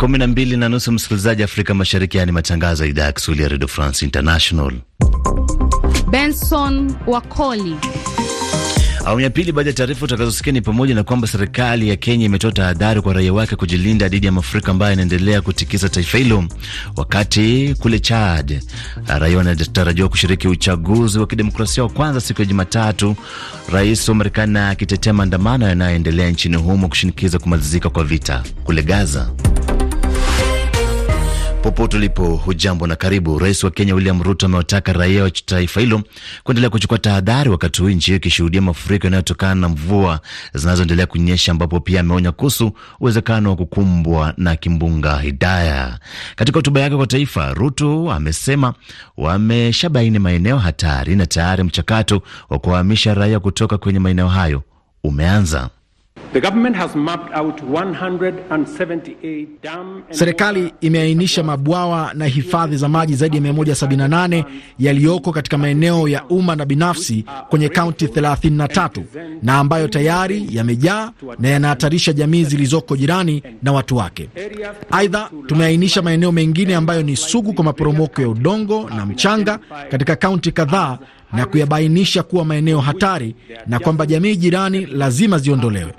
kumi na mbili na nusu msikilizaji Afrika Mashariki, yani matangazo ya idhaa ya Kiswahili ya Redio France International. Benson Wakoli. Awamu ya pili. Baada ya taarifa utakazosikia ni pamoja na kwamba serikali ya Kenya imetoa tahadhari kwa raia wake kujilinda dhidi ya mafuriko ambayo yanaendelea kutikisa taifa hilo, wakati kule Chad raia wanatarajiwa kushiriki uchaguzi wa kidemokrasia wa kwanza siku ya Jumatatu, rais wa Marekani akitetea maandamano yanayoendelea nchini humo kushinikiza kumalizika kwa vita kule Gaza. Popote ulipo, hujambo na karibu. Rais wa Kenya William Ruto amewataka raia wa taifa hilo kuendelea kuchukua tahadhari wakati huu nchi hiyo ikishuhudia mafuriko yanayotokana na mvua zinazoendelea kunyesha, ambapo pia ameonya kuhusu uwezekano wa kukumbwa na kimbunga Hidaya. Katika hotuba yake kwa taifa, Ruto amesema wameshabaini maeneo hatari na tayari mchakato wa kuwahamisha raia kutoka kwenye maeneo hayo umeanza. Serikali imeainisha mabwawa na hifadhi za maji zaidi ya 178 yaliyoko katika maeneo ya umma na binafsi kwenye kaunti 33 na ambayo tayari yamejaa na yanahatarisha jamii zilizoko jirani na watu wake. Aidha, tumeainisha maeneo mengine ambayo ni sugu kwa maporomoko ya udongo na mchanga katika kaunti kadhaa na kuyabainisha kuwa maeneo hatari na kwamba jamii jirani lazima ziondolewe.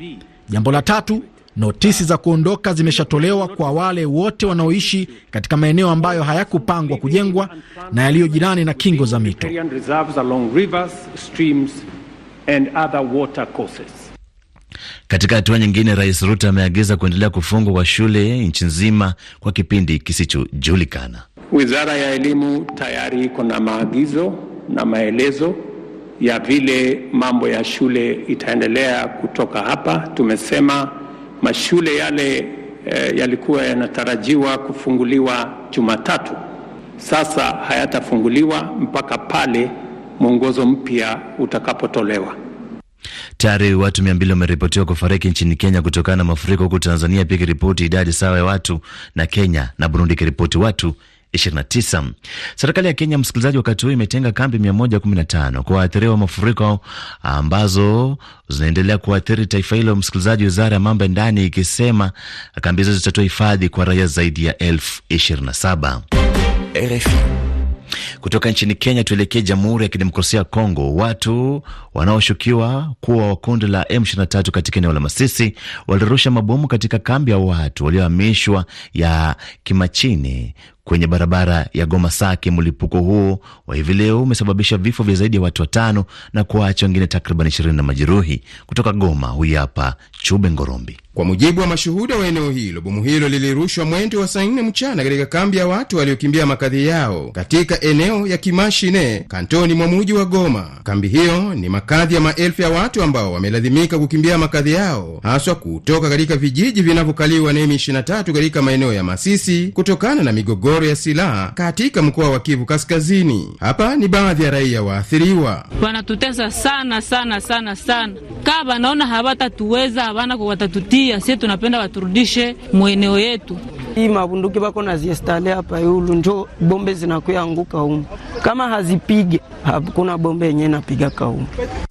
Jambo la tatu, notisi za kuondoka zimeshatolewa kwa wale wote wanaoishi katika maeneo ambayo hayakupangwa kujengwa na yaliyo jirani na kingo za mito. Katika hatua nyingine, Rais Ruto ameagiza kuendelea kufungwa kwa shule nchi nzima kwa kipindi kisichojulikana. Wizara ya Elimu tayari iko na maagizo na maelezo ya vile mambo ya shule itaendelea kutoka hapa. Tumesema mashule yale e, yalikuwa yanatarajiwa kufunguliwa Jumatatu, sasa hayatafunguliwa mpaka pale mwongozo mpya utakapotolewa. Tayari watu mia mbili wameripotiwa kufariki nchini Kenya kutokana na mafuriko, huku Tanzania pia ikiripoti idadi sawa ya watu na Kenya na Burundi ikiripoti watu 29. Serikali ya Kenya, msikilizaji, wakati huu imetenga kambi 115 kwa waathiriwa mafuriko ambazo zinaendelea kuathiri taifa hilo. Msikilizaji, wizara ya mambo ya ndani ikisema kambi hizo zitatoa hifadhi kwa raia zaidi ya elfu 27. Kutoka nchini Kenya tuelekee Jamhuri ya Kidemokrasia ya Kongo. Watu wanaoshukiwa kuwa wa kundi la M23 katika eneo la Masisi walirusha mabomu katika kambi ya watu waliohamishwa ya Kimachini kwenye barabara ya Goma Sake. Mlipuko huo wa hivi leo umesababisha vifo vya zaidi ya watu watano na kuwaacha wengine takriban ishirini na majeruhi. Kutoka Goma, huyu hapa Chube Ngorombi. Kwa mujibu wa mashuhuda wa eneo hilo, bomu hilo lilirushwa mwendo wa saa nne mchana katika kambi ya watu waliokimbia makazi yao katika eneo ya Kimashine, kantoni mwa muji wa Goma. Kambi hiyo ni makazi ya maelfu ya watu ambao wamelazimika kukimbia makazi yao haswa kutoka katika vijiji vinavyokaliwa na M23 katika maeneo ya Masisi kutokana na migogoro migogoro ya silaha katika mkoa wa Kivu Kaskazini. Hapa ni baadhi ya raia waathiriwa. Wanatutesa sana sana sana sana, kaa wanaona hawatatuweza hawana kwa watatutia, sie tunapenda waturudishe mweneo yetu. Hii mabunduki bako naziestale hapa yulu, njo bombe zinakuya anguka umu, kama hazipige hakuna bombe yenye napiga kaumu.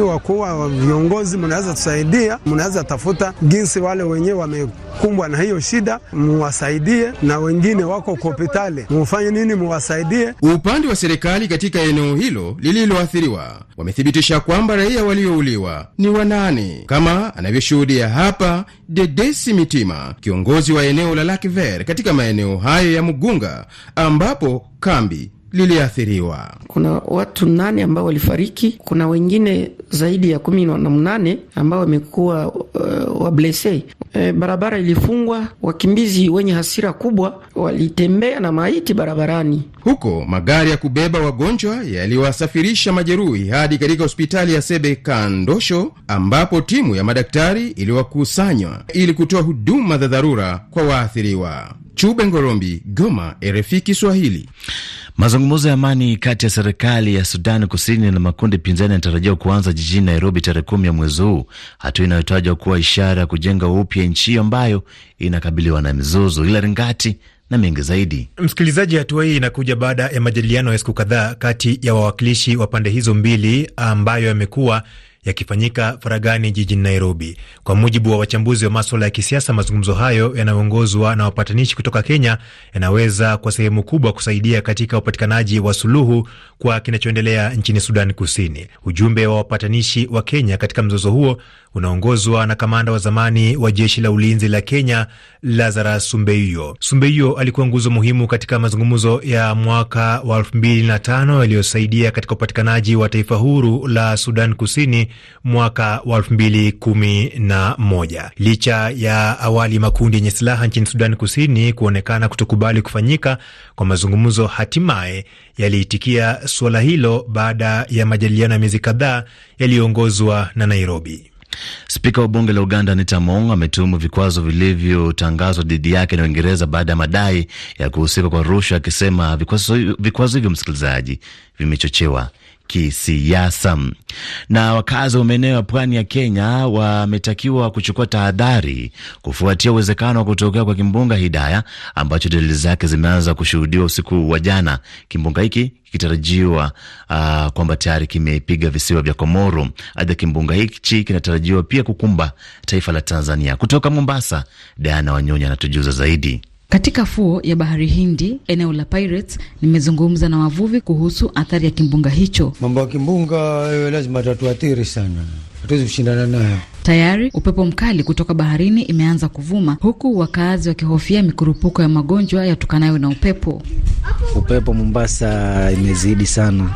Wakuwa viongozi, mnaweza tusaidia, mnaweza tafuta ginsi wale wenyewe wame kumbwa na hiyo shida, muwasaidie na wengine wako hospitali, mufanye nini? Muwasaidie. Upande wa serikali katika eneo hilo lililoathiriwa wamethibitisha kwamba raia waliouliwa ni wanane, kama anavyoshuhudia hapa Dedesi Mitima, kiongozi wa eneo la Lakiver katika maeneo hayo ya Mugunga ambapo kambi liliathiriwa. Kuna watu nane ambao walifariki, kuna wengine zaidi ya kumi na mnane ambao wamekuwa uh, wablese. E, eh, barabara ilifungwa, wakimbizi wenye hasira kubwa walitembea na maiti barabarani huko. Magari ya kubeba wagonjwa yaliwasafirisha majeruhi hadi katika hospitali ya Sebe Kandosho, ambapo timu ya madaktari iliwakusanywa ili kutoa huduma za dharura kwa waathiriwa. Chube Ngorombi, Goma, RFI Kiswahili. Mazungumzo ya amani kati ya serikali ya Sudani Kusini na makundi pinzani yanatarajiwa kuanza jijini Nairobi tarehe kumi ya mwezi huu, hatua inayotajwa kuwa ishara ya kujenga upya nchi hiyo ambayo inakabiliwa na mizozo ila ringati na mengi zaidi. Msikilizaji, hatua hii inakuja baada ya majadiliano ya siku kadhaa kati ya wawakilishi wa pande hizo mbili ambayo yamekuwa yakifanyika faragani jijini Nairobi. Kwa mujibu wa wachambuzi wa maswala ya kisiasa, mazungumzo hayo yanayoongozwa na wapatanishi kutoka Kenya yanaweza kwa sehemu kubwa kusaidia katika upatikanaji wa suluhu kwa kinachoendelea nchini Sudan Kusini. Ujumbe wa wapatanishi wa Kenya katika mzozo huo unaongozwa na kamanda wa zamani wa jeshi la ulinzi la Kenya Lazarus Sumbeio. Sumbeio alikuwa nguzo muhimu katika mazungumzo ya mwaka wa 2005 yaliyosaidia katika upatikanaji wa taifa huru la Sudan Kusini mwaka wa elfu mbili kumi na moja. Licha ya awali makundi yenye silaha nchini sudani Kusini kuonekana kutokubali kufanyika kwa mazungumzo, hatimaye yaliitikia suala hilo baada ya majadiliano ya miezi kadhaa yaliyoongozwa na Nairobi. Spika wa bunge la Uganda Anita Mong ametuhumu vikwazo vilivyotangazwa dhidi yake na Uingereza baada ya madai ya kuhusika kwa rushwa, akisema vikwazo hivyo, msikilizaji, vimechochewa kisiasa. Na wakazi wa maeneo ya pwani ya Kenya wametakiwa kuchukua tahadhari kufuatia uwezekano wa kutokea kwa kimbunga Hidaya ambacho dalili zake zimeanza kushuhudiwa usiku wa jana. Kimbunga hiki kikitarajiwa uh, kwamba tayari kimepiga visiwa vya Komoro. Aidha, kimbunga hichi kinatarajiwa pia kukumba taifa la Tanzania. Kutoka Mombasa, Diana Wanyonya anatujuza zaidi. Katika fuo ya bahari Hindi, eneo la Pirates, nimezungumza na wavuvi kuhusu athari ya kimbunga hicho. Mambo ya kimbunga hiyo eh, lazima tatuathiri sana, hatuwezi kushindana nayo. Tayari upepo mkali kutoka baharini imeanza kuvuma, huku wakazi wakihofia mikurupuko ya magonjwa yatokanayo na upepo. Upepo Mombasa imezidi sana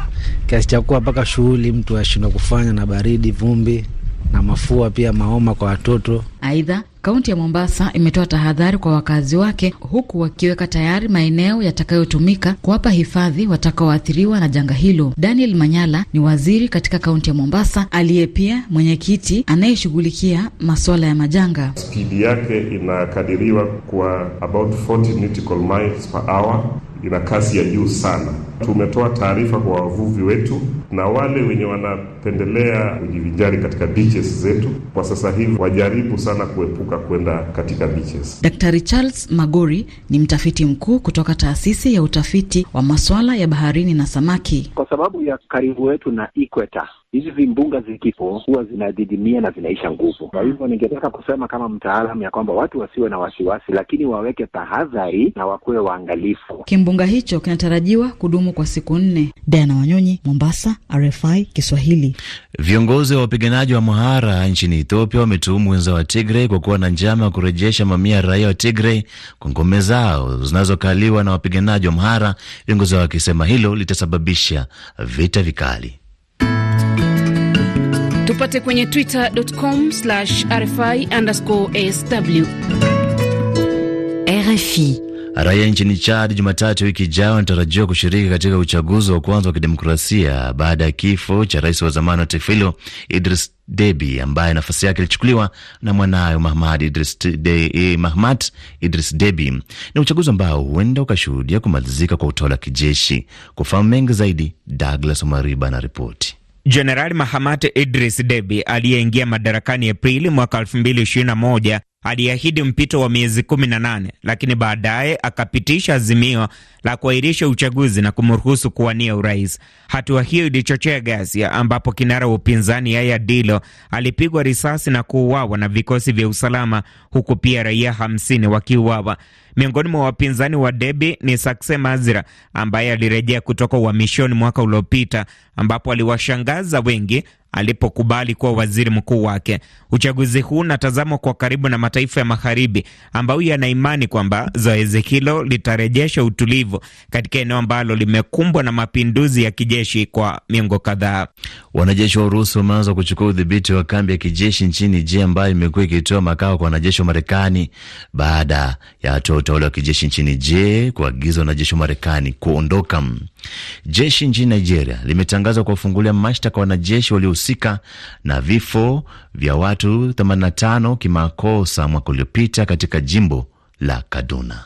kiasi cha kuwa mpaka shughuli mtu ashindwa kufanya, na baridi, vumbi na mafua pia, maoma kwa watoto. Aidha, Kaunti ya Mombasa imetoa tahadhari kwa wakazi wake, huku wakiweka tayari maeneo yatakayotumika kuwapa hifadhi watakaoathiriwa na janga hilo. Daniel Manyala ni waziri katika kaunti ya Mombasa aliye pia mwenyekiti anayeshughulikia masuala ya majanga. Spidi yake inakadiriwa kwa about 40 nautical miles per hour, ina kasi ya juu sana. Tumetoa taarifa kwa wavuvi wetu na wale wenye wanapendelea kujivinjari katika beaches zetu kwa sasa hivi wajaribu sana kuepuka kwenda katika beaches. Daktari Charles Magori ni mtafiti mkuu kutoka taasisi ya utafiti wa maswala ya baharini na samaki. Kwa sababu ya karibu wetu na ikweta, hizi vimbunga zikipo huwa zinadidimia na zinaisha nguvu. Kwa hivyo ningetaka kusema kama mtaalam ya kwamba watu wasiwe na wasiwasi, lakini waweke tahadhari na wakuwe waangalifu. Kimbunga hicho kinatarajiwa kudumu kwa siku nne. Diana Wanyonyi, Mombasa. RFI Kiswahili. Viongozi wa wapiganaji wa Mhara nchini Ethiopia wametuhumu wenza wa Tigrey kwa kuwa na njama ya kurejesha mamia ya raia wa tigrey kwa ngome zao zinazokaliwa na wapiganaji wa Mhara, viongozi hao wakisema hilo litasababisha vita vikali. Tupate kwenye twitter.com RFI underscore sw RFI Raia nchini Chad Jumatatu wiki ijayo anatarajiwa kushiriki katika uchaguzi wa kwanza wa kidemokrasia baada ya kifo cha rais wa zamani wa taifa hilo Idris debi ambaye nafasi yake ilichukuliwa na mwanayo Mahmad Idris, de, eh, Idris Debi. Ni uchaguzi ambao huenda ukashuhudia kumalizika kwa utawala wa kijeshi. Kufahamu mengi zaidi, Douglas Omariba ripoti. Jenerali Mahamat Idris debi aliyeingia madarakani Aprili mwaka 2021 aliahidi mpito wa miezi 18 lakini baadaye akapitisha azimio la kuahirisha uchaguzi na kumruhusu kuwania urais. Hatua hiyo ilichochea ghasia, ambapo kinara wa upinzani Yaya Dilo alipigwa risasi na kuuawa na vikosi vya usalama, huku pia raia 50 wakiuawa. Miongoni mwa wapinzani wa Debi ni Sakse Mazira ambaye alirejea kutoka uhamishoni mwaka uliopita, ambapo aliwashangaza wengi alipokubali kuwa waziri mkuu wake. Uchaguzi huu unatazamwa kwa karibu na mataifa ya Magharibi ambayo yana imani kwamba zoezi hilo litarejesha utulivu katika eneo ambalo limekumbwa na mapinduzi ya kijeshi kwa miongo kadhaa. Wanajeshi wa Urusi wameanza kuchukua udhibiti wa kambi ya kijeshi nchini je ambayo imekuwa ikitoa makao kwa wanajeshi wa Marekani baada ya hatua utawala wa kijeshi nchini je kuagiza wanajeshi wa Marekani kuondoka. Jeshi nchini Nigeria limetangaza kuwafungulia mashtaka wanajeshi walio kuhusika na vifo vya watu 85 kimakosa mwaka uliopita katika jimbo la Kaduna.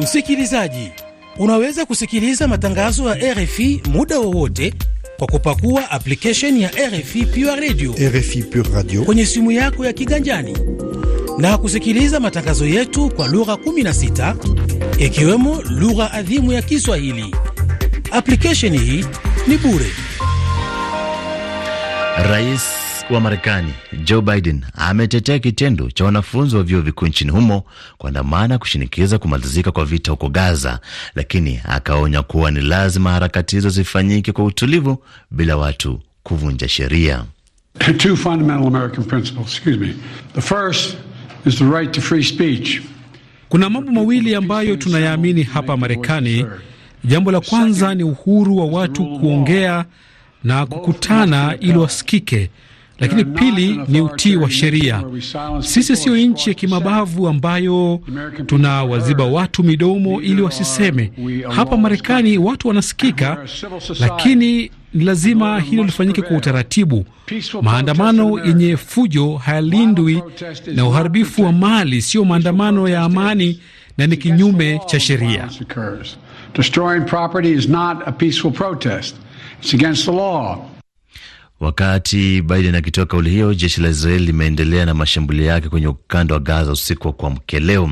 Msikilizaji, unaweza kusikiliza matangazo ya RFI muda wowote kwa kupakua application ya RFI Pure Radio, RFI Pure Radio kwenye simu yako ya kiganjani na kusikiliza matangazo yetu kwa lugha 16 ikiwemo lugha adhimu ya Kiswahili. Application hii ni bure. Rais wa Marekani Joe Biden ametetea kitendo cha wanafunzi wa vyuo vikuu nchini humo kuandamana kushinikiza kumalizika kwa vita huko Gaza, lakini akaonya kuwa ni lazima harakati hizo zifanyike kwa utulivu bila watu kuvunja sheria. Kuna mambo mawili ambayo tunayaamini hapa Marekani. Jambo la kwanza ni uhuru wa watu kuongea na kukutana ili wasikike, lakini pili ni utii wa sheria. Sisi siyo nchi ya kimabavu ambayo tunawaziba watu midomo ili wasiseme. Hapa Marekani watu wanasikika, lakini ni lazima hilo lifanyike kwa utaratibu. Maandamano yenye fujo hayalindwi, na uharibifu wa mali siyo maandamano ya amani na ni kinyume cha sheria. Destroying property is not a peaceful protest. It's against the law. Wakati Biden akitoa kauli hiyo, jeshi la Israeli limeendelea na mashambulio yake kwenye ukanda wa Gaza usiku wa kuamkia leo.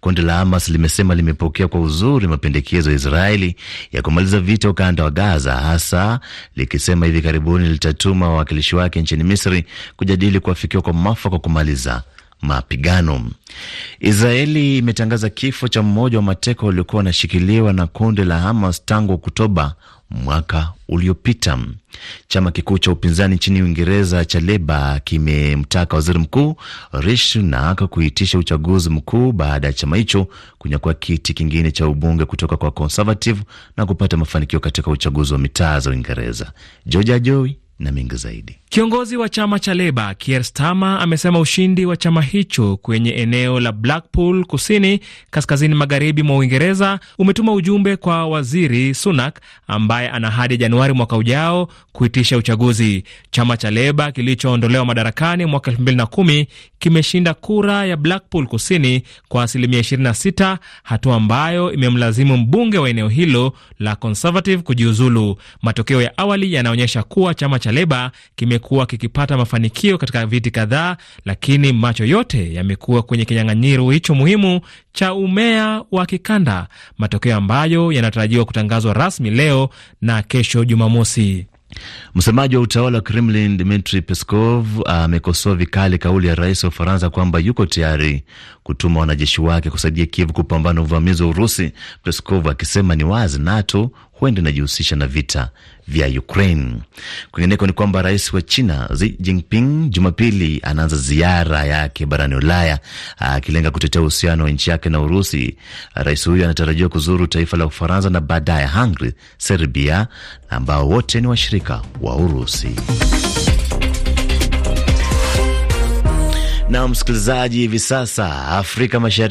Kundi la Hamas limesema limepokea kwa uzuri mapendekezo ya Israeli ya kumaliza vita ukanda wa Gaza, hasa likisema hivi karibuni litatuma wawakilishi wake nchini Misri kujadili kuafikiwa kwa mwafaka wa kumaliza mapigano. Israeli imetangaza kifo cha mmoja wa mateka waliokuwa wanashikiliwa na kundi la Hamas tangu Oktoba mwaka uliopita. Chama kikuu cha upinzani nchini Uingereza cha Leba kimemtaka waziri mkuu Rishi Sunak kuitisha uchaguzi mkuu baada ya chama hicho kunyakua kiti kingine cha ubunge kutoka kwa Conservative na kupata mafanikio katika uchaguzi wa mitaa za Uingereza. Joja na mengi zaidi. Kiongozi wa chama cha Leba Kier Stama amesema ushindi wa chama hicho kwenye eneo la Blackpool kusini kaskazini magharibi mwa Uingereza umetuma ujumbe kwa waziri Sunak ambaye ana hadi Januari mwaka ujao kuitisha uchaguzi. Chama cha Leba kilichoondolewa madarakani mwaka 2010 kimeshinda kura ya Blackpool kusini kwa asilimia 26, hatua ambayo imemlazimu mbunge wa eneo hilo la Conservative kujiuzulu. Matokeo ya awali yanaonyesha kuwa chama cha cha Leba kimekuwa kikipata mafanikio katika viti kadhaa, lakini macho yote yamekuwa kwenye kinyang'anyiro hicho muhimu cha umea wa kikanda, matokeo ambayo yanatarajiwa kutangazwa rasmi leo na kesho Jumamosi. Msemaji wa utawala wa Kremlin Dmitri Peskov amekosoa vikali kauli ya rais wa Ufaransa kwamba yuko tayari kutuma wanajeshi wake kusaidia Kiev kupambana uvamizi wa Urusi, Peskov akisema ni wazi NATO huenda inajihusisha na vita vya Ukraine. Kwingineko ni kwamba rais wa China Xi Jinping Jumapili anaanza ziara yake barani Ulaya akilenga kutetea uhusiano wa nchi yake na Urusi. Rais huyo anatarajiwa kuzuru taifa la Ufaransa na baadaye Hungary, Serbia ambao wote ni washirika wa Urusi. Na msikilizaji, hivi sasa Afrika Mashariki